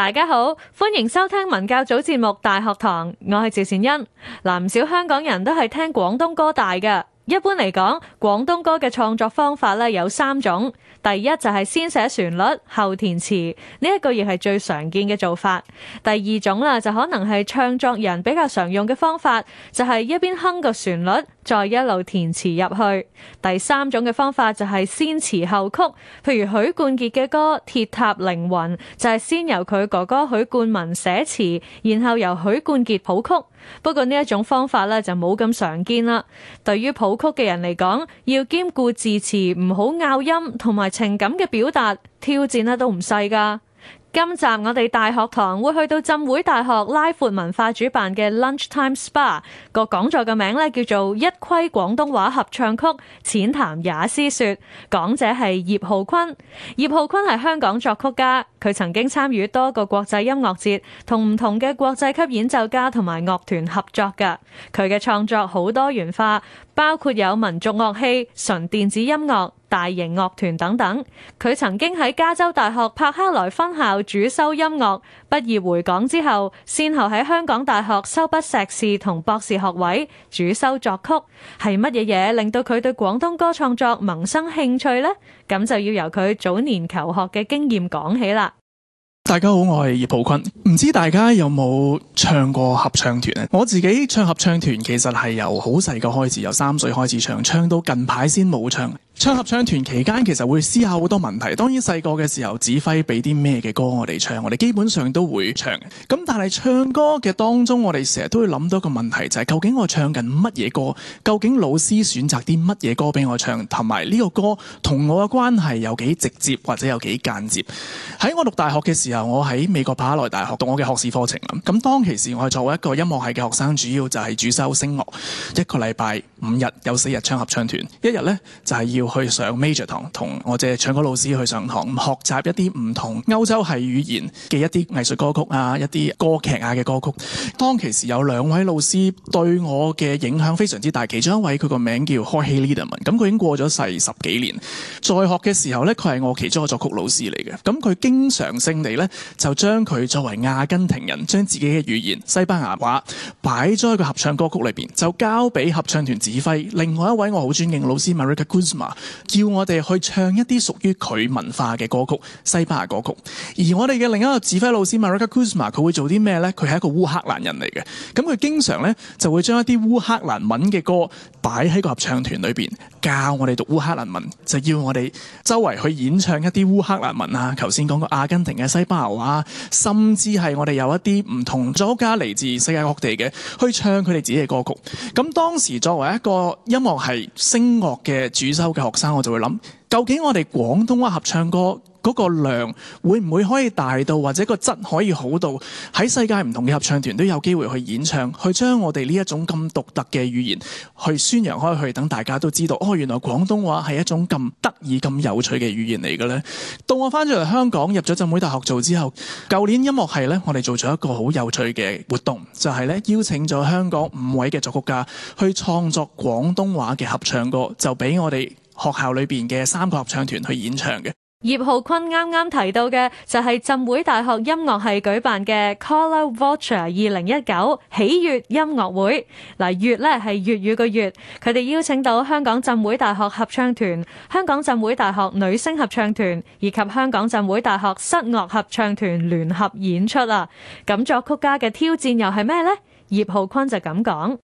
大家好，歡迎收聽文教組節目《大學堂》，我係趙善恩。啊，唔少香港人都係聽廣東歌大嘅。一般嚟講，廣東歌嘅創作方法咧有三種。第一就係先寫旋律後填詞，呢一個亦係最常見嘅做法。第二種啦，就可能係唱作人比較常用嘅方法，就係一邊哼個旋律。再一路填詞入去。第三種嘅方法就係先詞後曲，譬如許冠傑嘅歌《鐵塔凌雲》，就係、是、先由佢哥哥許冠文寫詞，然後由許冠傑譜曲。不過呢一種方法呢，就冇咁常見啦。對於譜曲嘅人嚟講，要兼顧字詞唔好拗音同埋情感嘅表達，挑戰咧都唔細噶。今集我哋大學堂會去到浸會大學拉闊文化主辦嘅 Lunchtime Spa 個講座嘅名咧叫做《一窺廣東話合唱曲淺談也斯說》，講者係葉浩坤。葉浩坤係香港作曲家，佢曾經參與多個國際音樂節，同唔同嘅國際級演奏家，同埋樂團合作㗎。佢嘅創作好多元化。包括有民族樂器、純電子音樂、大型樂團等等。佢曾經喺加州大學柏克萊分校主修音樂，畢業回港之後，先後喺香港大學修畢碩士同博士學位，主修作曲。係乜嘢嘢令到佢對廣東歌創作萌生興趣呢？咁就要由佢早年求學嘅經驗講起啦。大家好，我係葉寶坤，唔知大家有冇唱過合唱團啊？我自己唱合唱團其實係由好細個開始，由三歲開始唱，唱到近排先冇唱。唱合唱團期間其實會思考好多問題，當然細個嘅時候，指揮俾啲咩嘅歌我哋唱，我哋基本上都會唱。咁但係唱歌嘅當中，我哋成日都會諗到一個問題，就係、是、究竟我唱緊乜嘢歌？究竟老師選擇啲乜嘢歌俾我唱，同埋呢個歌同我嘅關係有幾直接或者有幾間接？喺我讀大學嘅時候，我喺美國帕拉內大學讀我嘅學士課程，咁當其時我作為一個音樂系嘅學生，主要就係主修聲樂，一個禮拜五日有四日唱合唱團，一日咧就係、是、要。去上 major 堂，同我哋唱歌老師去上堂，學習一啲唔同歐洲係語言嘅一啲藝術歌曲啊，一啲歌劇啊嘅歌曲。當其時有兩位老師對我嘅影響非常之大，其中一位佢個名叫 Jorge Liderman 咁佢已經過咗世十幾年，在學嘅時候咧，佢係我其中一個作曲老師嚟嘅。咁佢經常性地咧，就將佢作為阿根廷人，將自己嘅語言西班牙話擺咗喺個合唱歌曲裏邊，就交俾合唱團指揮。另外一位我好尊敬老師 Marika Kuzma。Mar 叫我哋去唱一啲屬於佢文化嘅歌曲，西班牙歌曲。而我哋嘅另一個指揮老師 Marika Kuzma，佢會做啲咩呢？佢係一個烏克蘭人嚟嘅，咁佢經常呢，就會將一啲烏克蘭文嘅歌擺喺個合唱團裏邊，教我哋讀烏克蘭文，就要我哋周圍去演唱一啲烏克蘭文啊。頭先講過阿根廷嘅西班牙話，甚至係我哋有一啲唔同作家嚟自世界各地嘅，去唱佢哋自己嘅歌曲。咁當時作為一個音樂系聲樂嘅主修。學生我就會諗，究竟我哋廣東話合唱歌嗰個量會唔會可以大到，或者個質可以好到喺世界唔同嘅合唱團都有機會去演唱，去將我哋呢一種咁獨特嘅語言去宣揚開去，去等大家都知道，哦，原來廣東話係一種咁得意、咁有趣嘅語言嚟嘅呢。到我翻咗嚟香港，入咗浸會大學做之後，舊年音樂系呢，我哋做咗一個好有趣嘅活動，就係、是、呢，邀請咗香港五位嘅作曲家去創作廣東話嘅合唱歌，就俾我哋。學校裏邊嘅三個合唱團去演唱嘅。葉浩坤啱啱提到嘅就係、是、浸會大學音樂系舉辦嘅 Collaborator 二零一九喜悅音樂會。嗱，月呢係粵語嘅「月，月，月，佢哋邀請到香港浸會大學合唱團、香港浸會大學女聲合唱團以及香港浸會大學室樂合唱團聯合演出啊，咁作曲家嘅挑戰又係咩呢？葉浩坤就咁講。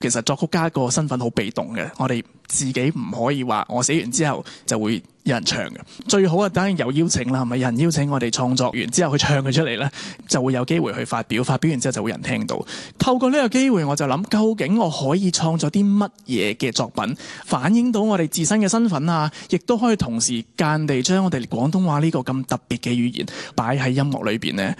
其實作曲家個身份好被動嘅，我哋自己唔可以話我寫完之後就會有人唱嘅。最好啊，當然有邀請啦，係咪？有人邀請我哋創作完之後去唱佢出嚟咧，就會有機會去發表，發表完之後就會有人聽到。透過呢個機會，我就諗究竟我可以創作啲乜嘢嘅作品，反映到我哋自身嘅身份啊，亦都可以同時間地將我哋廣東話呢個咁特別嘅語言擺喺音樂裏邊呢。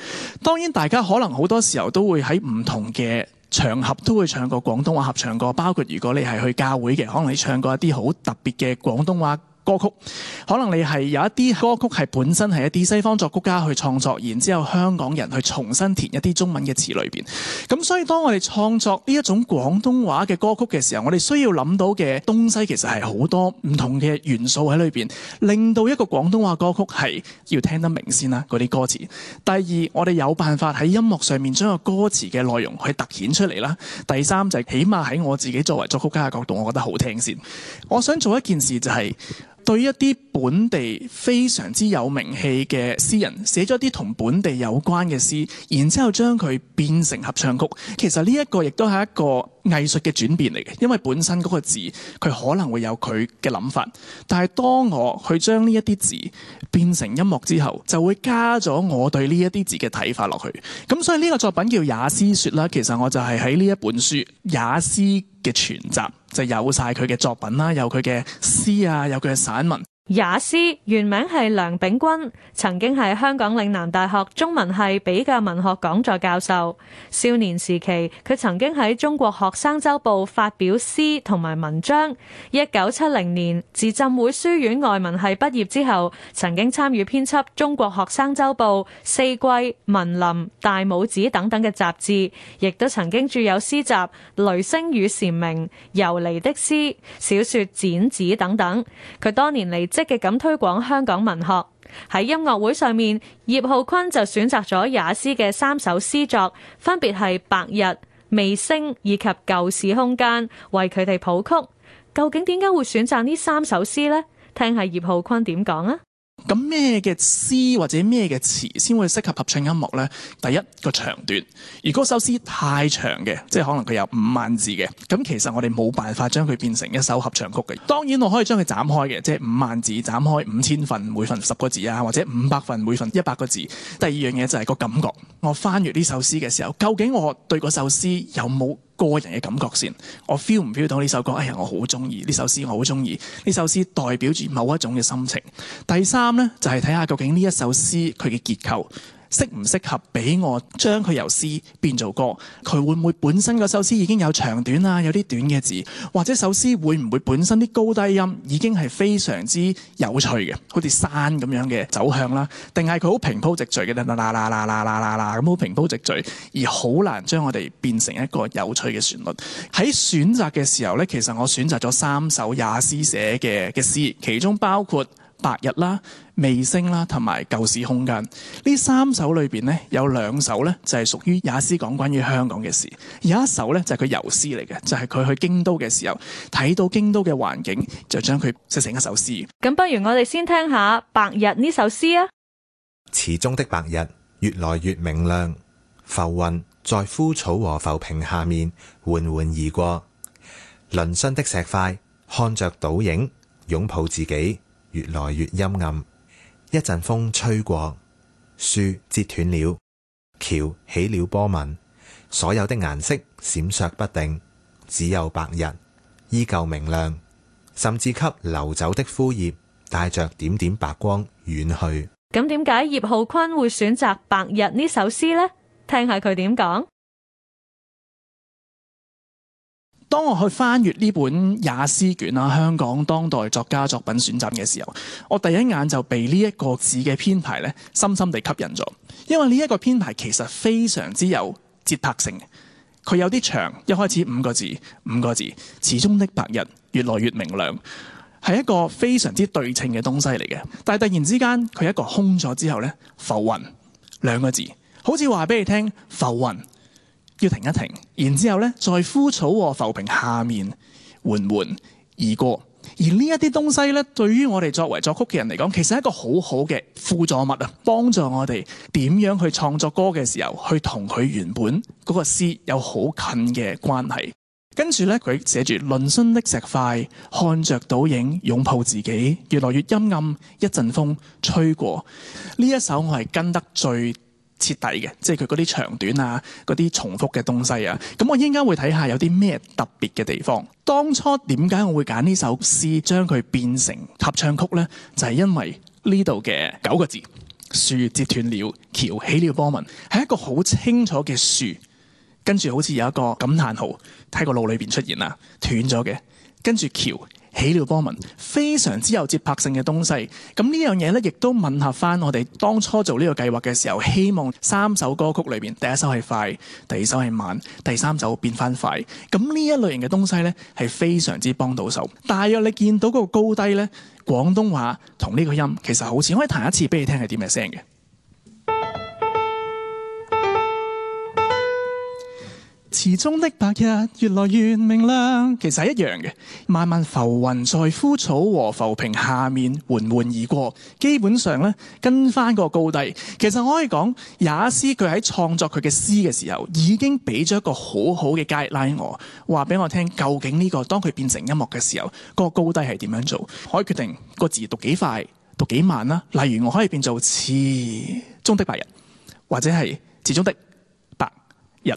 當然，大家可能好多時候都會喺唔同嘅。場合都會唱過廣東話合唱歌，包括如果你係去教會嘅，可能你唱過一啲好特別嘅廣東話歌曲可能你係有一啲歌曲係本身係一啲西方作曲家去創作，然之後香港人去重新填一啲中文嘅詞裏邊，咁所以當我哋創作呢一種廣東話嘅歌曲嘅時候，我哋需要諗到嘅東西其實，係好多唔同嘅元素喺裏邊，令到一個廣東話歌曲係要聽得明先啦嗰啲歌詞。第二，我哋有辦法喺音樂上面將個歌詞嘅內容去凸顯出嚟啦。第三就係起碼喺我自己作為作曲家嘅角度，我覺得好聽先。我想做一件事就係。對一啲本地非常之有名氣嘅詩人，寫咗啲同本地有關嘅詩，然之後將佢變成合唱曲，其實呢一個亦都係一個藝術嘅轉變嚟嘅，因為本身嗰個字佢可能會有佢嘅諗法，但係當我去將呢一啲字變成音樂之後，就會加咗我對呢一啲字嘅睇法落去。咁所以呢個作品叫《雅思説》啦，其實我就係喺呢一本書《雅思》嘅全集就是，有晒佢嘅作品啦，有佢嘅詩啊，有佢嘅散文。也斯原名係梁炳君，曾經係香港嶺南大學中文系比較文學講座教授。少年時期，佢曾經喺中國學生周報發表詩同埋文章。一九七零年自浸會書院外文系畢業之後，曾經參與編輯《中國學生周報》《四季》《文林》《大拇指》等等嘅雜誌，亦都曾經著有詩集《雷聲與蟬鳴》《游離的詩》、小說《剪紙》等等。佢多年嚟。積極咁推廣香港文學。喺音樂會上面，葉浩坤就選擇咗也斯嘅三首詩作，分別係《白日》《微星》以及《舊時空間》為佢哋譜曲。究竟點解會選擇呢三首詩呢？聽下葉浩坤點講啊！咁咩嘅詩或者咩嘅詞先會適合合唱音樂呢？第一個，個長短，如果首詩太長嘅，即係可能佢有五萬字嘅，咁其實我哋冇辦法將佢變成一首合唱曲嘅。當然我可以將佢斬開嘅，即係五萬字斬開五千份，每份十個字啊，或者五百份，每份一百個字。第二樣嘢就係個感覺，我翻閱呢首詩嘅時候，究竟我對嗰首詩有冇？個人嘅感覺先，我 feel 唔 feel 到呢首歌？哎呀，我好中意呢首詩，我，我好中意呢首詩代表住某一種嘅心情。第三呢，就係睇下究竟呢首詩佢嘅結構。適唔適合俾我將佢由詩變做歌？佢會唔會本身個首詩已經有長短啊？有啲短嘅字，或者首詩會唔會本身啲高低音已經係非常之有趣嘅，好似山咁樣嘅走向啦？定係佢好平鋪直敍嘅啦啦啦啦啦啦啦啦啦咁好平鋪直敍，而好難將我哋變成一個有趣嘅旋律。喺選擇嘅時候咧，其實我選擇咗三首也斯寫嘅嘅詩，其中包括《白日》啦。微升啦，同埋舊市空間，呢三首裏邊呢，有兩首呢就係屬於也斯講關於香港嘅事，有一首呢，就係佢遊詩嚟嘅，就係佢去京都嘅時候睇到京都嘅環境，就將佢寫成一首詩。咁不如我哋先聽下白日呢首詩啊。池中的白日越來越明亮，浮雲在枯草和浮萍下面緩緩而過。嶙峋的石塊看着倒影，擁抱自己，越來越陰暗。一陣風吹過，樹折斷了，橋起了波紋，所有的顏色閃爍不定，只有白日，依舊明亮，甚至給流走的枯葉帶着點點白光遠去。咁點解葉浩坤會選擇白日呢首詩呢？聽下佢點講。當我去翻越呢本《雅思卷》啊，香港當代作家作品選集》嘅時候，我第一眼就被呢一個字嘅編排咧深深地吸引咗，因為呢一個編排其實非常之有節拍性佢有啲長，一開始五個字，五個字，始終的白日越來越明亮，係一個非常之對稱嘅東西嚟嘅。但係突然之間佢一個空咗之後咧，浮雲兩個字，好似話俾你聽，浮雲。要停一停，然之後咧，在枯草和浮萍下面緩緩而過。而呢一啲東西咧，對於我哋作為作曲嘅人嚟講，其實係一個好好嘅輔助物啊，幫助我哋點樣去創作歌嘅時候，去同佢原本嗰個詩有好近嘅關係。跟住咧，佢寫住嶙峋的石塊，看著倒影擁抱自己，越來越陰暗。一陣風吹過，呢一首我係跟得最徹底嘅，即係佢嗰啲長短啊，嗰啲重複嘅東西啊，咁我應該會睇下有啲咩特別嘅地方。當初點解我會揀呢首詩將佢變成合唱曲呢？就係因為呢度嘅九個字，樹折斷了，橋起了波紋，係一個好清楚嘅樹，跟住好似有一個感嘆號喺個腦裏邊出現啦，斷咗嘅，跟住橋。起了波紋，非常之有節拍性嘅東西。咁呢樣嘢咧，亦都吻合翻我哋當初做呢個計劃嘅時候，希望三首歌曲裏邊，第一首係快，第二首係慢，第三首變翻快。咁呢一類型嘅東西咧，係非常之幫到手。大約你見到嗰個高低咧，廣東話同呢個音其實好似，可以彈一次俾你聽係點嘅聲嘅。池中的白日越來越明亮，其實係一樣嘅。慢慢浮雲在枯草和浮萍下面緩緩而過，基本上咧跟翻個高低。其實我可以講，也斯佢喺創作佢嘅詩嘅時候，已經俾咗一個好好嘅 guide line 我話俾我聽，究竟呢個當佢變成音樂嘅時候，個高低係點樣做？可以決定個字讀幾快、讀幾慢啦。例如，我可以變做池中的白日，或者係池中的白日。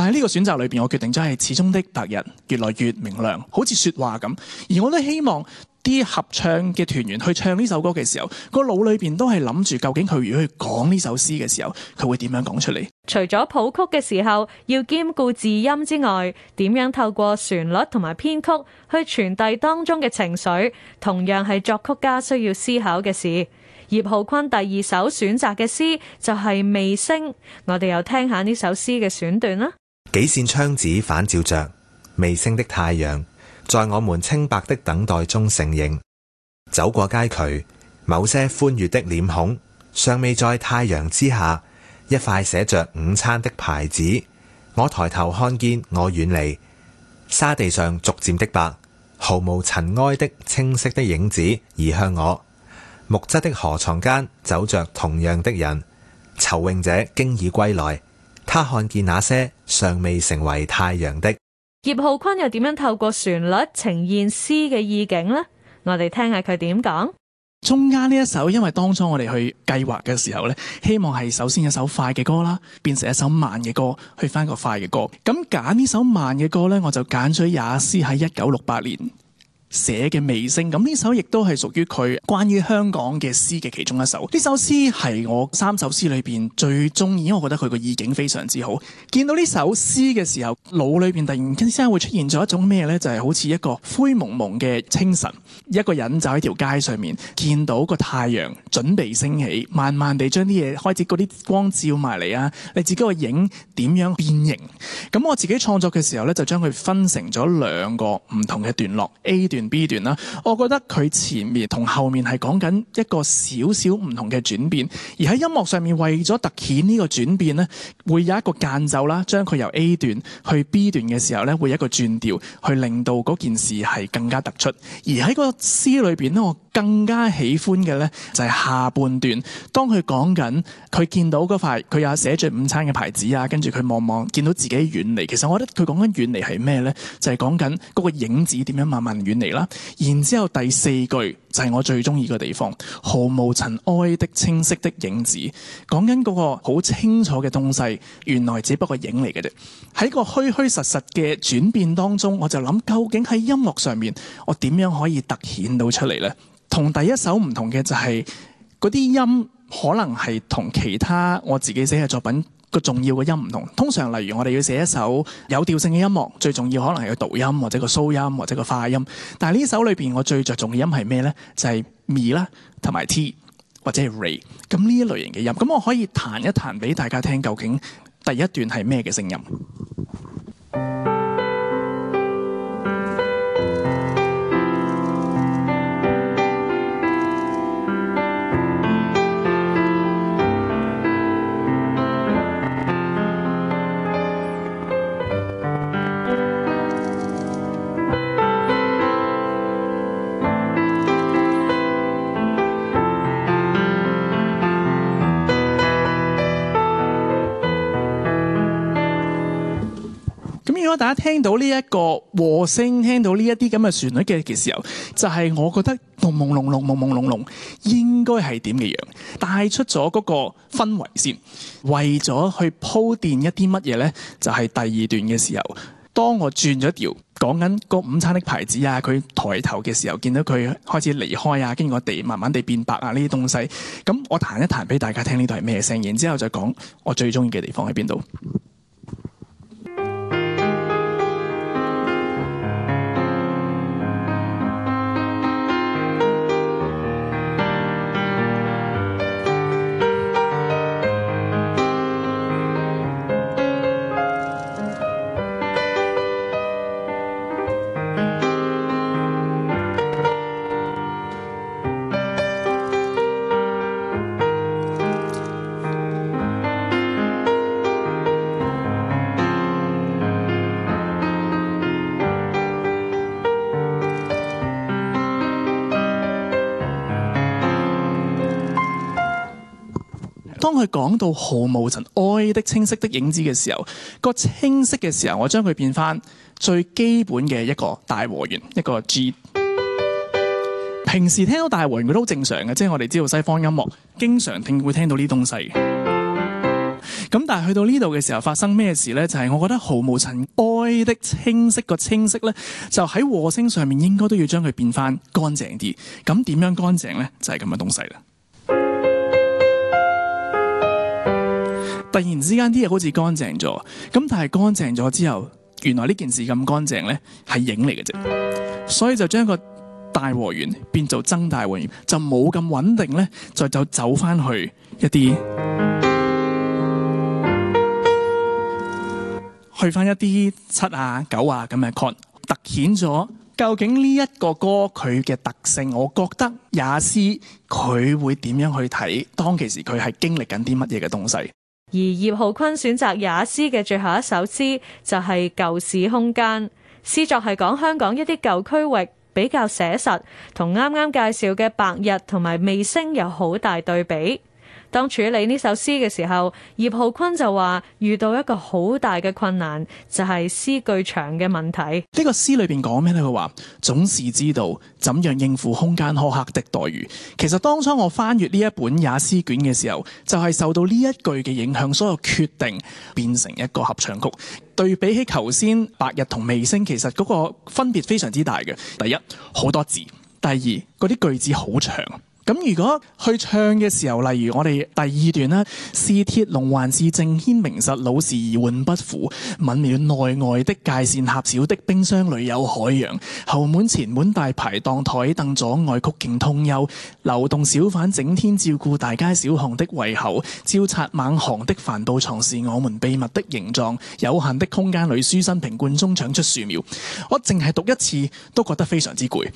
但係呢個選擇裏邊，我決定咗係始終的白日越來越明亮，好似說話咁。而我都希望啲合唱嘅團員去唱呢首歌嘅時候，個腦裏邊都係諗住究竟佢如果去講呢首詩嘅時候，佢會點樣講出嚟？除咗譜曲嘅時候要兼顧字音之外，點樣透過旋律同埋編曲去傳遞當中嘅情緒，同樣係作曲家需要思考嘅事。葉浩坤第二首選擇嘅詩就係，是《未聲》，我哋又聽下呢首詩嘅選段啦。幾扇窗子反照着微升的太陽，在我們清白的等待中成形。走過街渠，某些歡悅的臉孔尚未在太陽之下一塊寫着午餐的牌子。我抬頭看見我遠離沙地上逐漸的白，毫無塵埃的清晰的影子移向我木質的河床間走着同樣的人，泅泳者經已歸來。他看見那些尚未成為太陽的葉浩坤又點樣透過旋律呈現詩嘅意境呢？我哋聽下佢點講。中間呢一首，因為當初我哋去計劃嘅時候呢，希望係首先一首快嘅歌啦，變成一首慢嘅歌，去翻個快嘅歌。咁揀呢首慢嘅歌呢，我就揀咗也斯喺一九六八年。寫嘅《尾聲》，咁呢首亦都係屬於佢關於香港嘅詩嘅其中一首。呢首詩係我三首詩裏邊最中意，因為我覺得佢個意境非常之好。見到呢首詩嘅時候，腦裏邊突然間會出現咗一種咩咧？就係好似一個灰蒙蒙嘅清晨，一個人就喺條街上面，見到個太陽準備升起，慢慢地將啲嘢開始嗰啲光照埋嚟啊！你自己個影點樣變形？咁我自己創作嘅時候咧，就將佢分成咗兩個唔同嘅段落 A 段。B 段啦，我覺得佢前面同後面係講緊一個少少唔同嘅轉變，而喺音樂上面為咗凸顯呢個轉變咧，會有一個間奏啦，將佢由 A 段去 B 段嘅時候咧，會有一個轉調去令到件事係更加突出。而喺個詩裏邊咧，我更加喜歡嘅咧就係下半段，當佢講緊，佢見到塊佢有寫住午餐嘅牌子啊，跟住佢望望見到自己遠離，其實我覺得佢講緊遠離係咩咧？就係講緊嗰個影子點樣慢慢遠離。然之後第四句就係、是、我最中意嘅地方，毫無塵埃的清晰的影子，講緊嗰個好清楚嘅東西，原來只不過影嚟嘅啫。喺個虛虛實實嘅轉變當中，我就諗究竟喺音樂上面我點樣可以突顯到出嚟呢？同第一首唔同嘅就係嗰啲音可能係同其他我自己寫嘅作品。個重要嘅音唔同，通常例如我哋要寫一首有調性嘅音樂，最重要可能係個讀音或者個蘇音或者個花音。但係呢首裏邊我最着重嘅音係咩呢？就係 Me 啦同埋 T 或者係 Ray 咁呢一類型嘅音，咁我可以彈一彈俾大家聽，究竟第一段係咩嘅聲音？大家聽到呢一個和聲，聽到呢一啲咁嘅旋律嘅嘅時候，就係我覺得朦朦朧朧、朦朦、朧朧，應該係點嘅樣？帶出咗嗰個氛圍先，為咗去鋪墊一啲乜嘢呢？就係第二段嘅時候，當我轉咗調，講緊個午餐的牌子啊，佢抬頭嘅時候，見到佢開始離開啊，見我地慢慢地變白啊，呢啲東西，咁我彈一彈俾大家聽呢度係咩聲，然之後再講我最中意嘅地方喺邊度。當佢講到毫無塵埃的清晰的影子嘅時候，個清晰嘅時候，我將佢變翻最基本嘅一個大和弦，一個 G。平時聽到大和弦佢都好正常嘅，即係我哋知道西方音樂經常聽會聽到呢東西。咁但係去到呢度嘅時候發生咩事呢？就係我覺得毫無塵埃的清晰，個清晰呢，就喺和聲上面應該都要將佢變翻乾淨啲。咁點樣乾淨呢？就係咁嘅東西啦。突然之間，啲嘢好似乾淨咗，咁但係乾淨咗之後，原來呢件事咁乾淨呢係影嚟嘅啫。所以就將個大和弦變做增大和弦，就冇咁穩定呢。再就，就走翻去一啲，去翻一啲七啊九啊咁嘅 con，突顯咗究竟呢一個歌佢嘅特性。我覺得也斯佢會點樣去睇當其時佢係經歷緊啲乜嘢嘅東西。而葉浩坤選擇也斯嘅最後一首詩，就係舊市空間。詩作係講香港一啲舊區域，比較寫實，同啱啱介紹嘅白日同埋未星有好大對比。當處理呢首詩嘅時候，葉浩坤就話遇到一個好大嘅困難，就係、是、詩句長嘅問題。呢個詩裏邊講咩咧？佢話總是知道怎樣應付空間苛刻的待遇。其實當初我翻閱呢一本《也斯卷》嘅時候，就係、是、受到呢一句嘅影響，所有決定變成一個合唱曲。對比起頭先白日同微星，其實嗰個分別非常之大嘅。第一，好多字；第二，嗰啲句子好長。咁如果去唱嘅時候，例如我哋第二段咧，是鐵龍還是正軒名實老是疑緩不符。敏暖內外的界線狹小的冰箱裏有海洋，後門前門大排檔，檔台凳阻礙曲徑通幽，流動小販整天照顧大街小巷的胃口，朝拆晚行的帆布床，是我們秘密的形狀，有限的空間裏書身瓶罐中長出樹苗，我淨係讀一次都覺得非常之攰。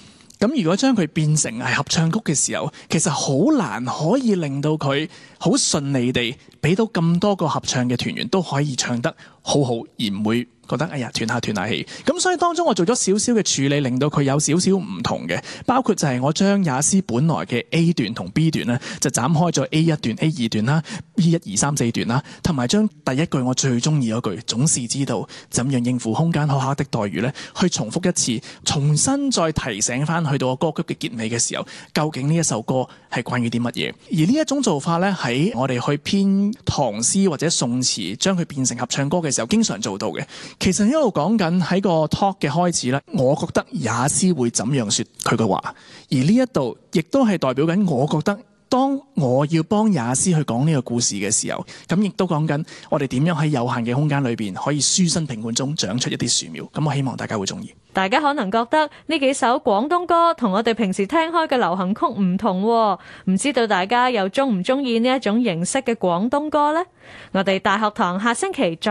咁如果將佢變成係合唱曲嘅時候，其實好難可以令到佢好順利地畀到咁多個合唱嘅團員都可以唱得好好而唔會覺得哎呀斷下斷下氣，咁所以當中我做咗少少嘅處理，令到佢有少少唔同嘅，包括就係我將也斯本來嘅 A 段同 B 段咧，就斬開咗 A 一段、A 二段啦，B 一二三四段啦，同埋將第一句我最中意嗰句「總是知道怎樣應付空間苛刻的待遇」咧，去重複一次，重新再提醒翻去到我歌曲嘅結尾嘅時候，究竟呢一首歌係關於啲乜嘢？而呢一種做法咧，喺我哋去編唐詩或者宋詞將佢變成合唱歌嘅。時候經常做到嘅，其實一路講緊喺個 talk 嘅開始咧。我覺得也斯會怎樣說佢嘅話，而呢一度亦都係代表緊。我覺得當我要幫也斯去講呢個故事嘅時候，咁亦都講緊我哋點樣喺有限嘅空間裏邊可以舒身平緩中長出一啲樹苗。咁我希望大家會中意。大家可能覺得呢幾首廣東歌同我哋平時聽開嘅流行曲唔同，哦，唔知道大家又中唔中意呢一種形式嘅廣東歌呢？我哋大學堂下星期再